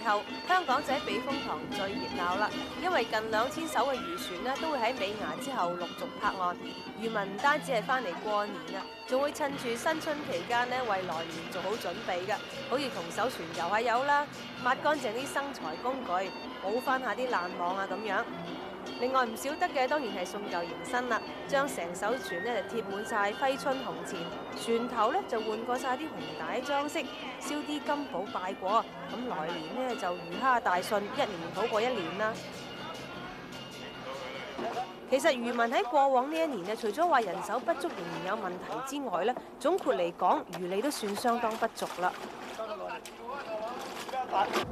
後香港仔避風塘最熱鬧啦，因為近兩千艘嘅漁船咧都會喺尾牙之後陸續泊岸。漁民唔單止係翻嚟過年啊，仲會趁住新春期間咧為來年做好準備嘅，好似同艘船游下油啦，抹乾淨啲生財工具，補翻下啲爛網啊咁樣。另外唔少得嘅當然係送舊迎新啦，將成艘船咧貼滿晒揮春紅錢，船頭咧就換過晒啲紅帶裝飾，燒啲金寶拜果，咁來年咧。就魚蝦大信，一年好過一年啦。其實漁民喺過往呢一年啊，除咗話人手不足仍然有問題之外咧，總括嚟講，漁利都算相當不俗啦。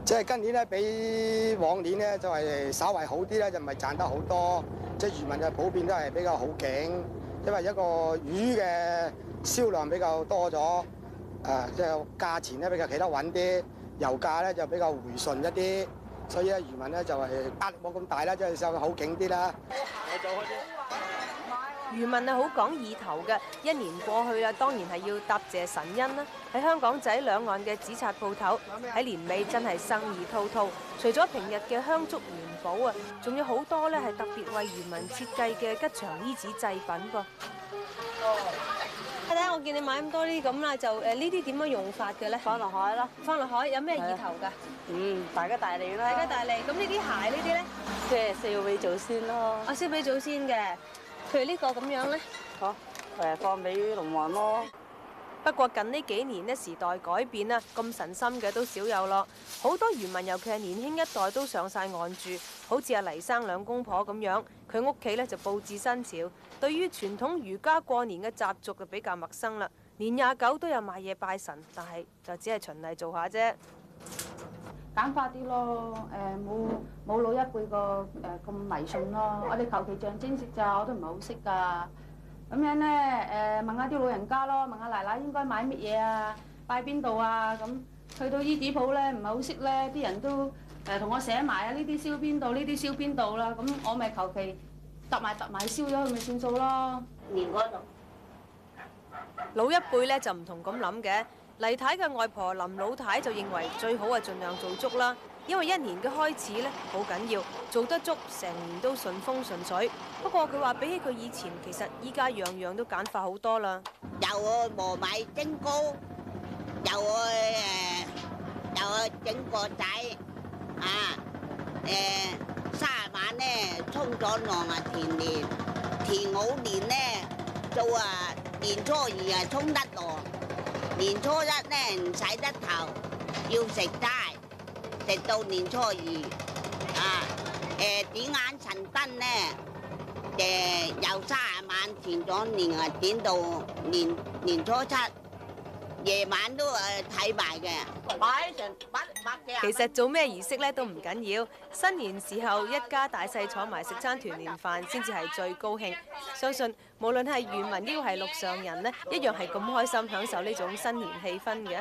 即係今年咧，比往年咧就係稍為好啲咧，就唔係賺得好多。即係漁民就普遍都係比較好景，因為一個魚嘅銷量比較多咗，誒，即係價錢咧比較企得較穩啲。油價咧就比較回順一啲，所以咧漁民咧就係、是、壓力冇咁大啦，即係稍微好景啲啦。漁民啊，好講意頭嘅，一年過去啦，當然係要答謝神恩啦。喺香港仔兩岸嘅紙紮鋪頭，喺年尾真係生意滔滔。除咗平日嘅香燭、元寶啊，仲有好多咧係特別為漁民設計嘅吉祥衣紙製品噃。睇睇，我見你買咁多啲咁啦，就誒呢啲點樣用法嘅咧？放落海咯，放落海有咩意頭噶？嗯，大吉大利啦！大吉大利，咁呢啲鞋呢啲咧？即係燒俾祖先咯。啊，燒俾祖先嘅，譬如呢個咁樣咧？好，誒，放俾龍王咯。不過近呢幾年咧，時代改變啦，咁神心嘅都少有咯。好多漁民，尤其係年輕一代，都上晒岸住。好似阿黎生兩公婆咁樣，佢屋企咧就佈置新潮，對於傳統漁家過年嘅習俗就比較陌生啦。年廿九都有買嘢拜神，但係就只係循例做下啫，簡化啲咯。誒，冇冇老一輩個誒咁迷信咯。我哋求其象徵式咋，我都唔係好識㗎。咁樣咧，誒問下啲老人家咯，問下奶奶應該買乜嘢啊，拜邊度啊？咁去到衣紙鋪咧，唔係好識咧，啲人都誒同我寫埋啊，呢啲燒邊度，呢啲燒邊度啦。咁我咪求其揼埋揼埋燒咗佢，咪算數咯。廟嗰度，老一輩咧就唔同咁諗嘅。黎太嘅外婆林老太就認為最好係，盡量做足啦，因為一年嘅開始咧好緊要，做得足成年都順風順水。不過佢話比起佢以前，其實依家樣樣都簡化好多啦。又去磨米蒸糕，又去誒，又去整個仔啊！誒，卅晚咧沖咗涼啊田年，田好年咧做啊年初二啊沖得農。年初一咧唔使得頭，要食齋，食到年初二啊！誒、呃，點眼陳燈咧？誒、呃，由卅晚前咗年啊，點到年年初七。夜晚都係睇埋嘅，其實做咩儀式咧都唔緊要，新年時候一家大細坐埋食餐團年飯先至係最高興。相信無論係漁民，呢個係陸上人咧，一樣係咁開心享受呢種新年氣氛嘅。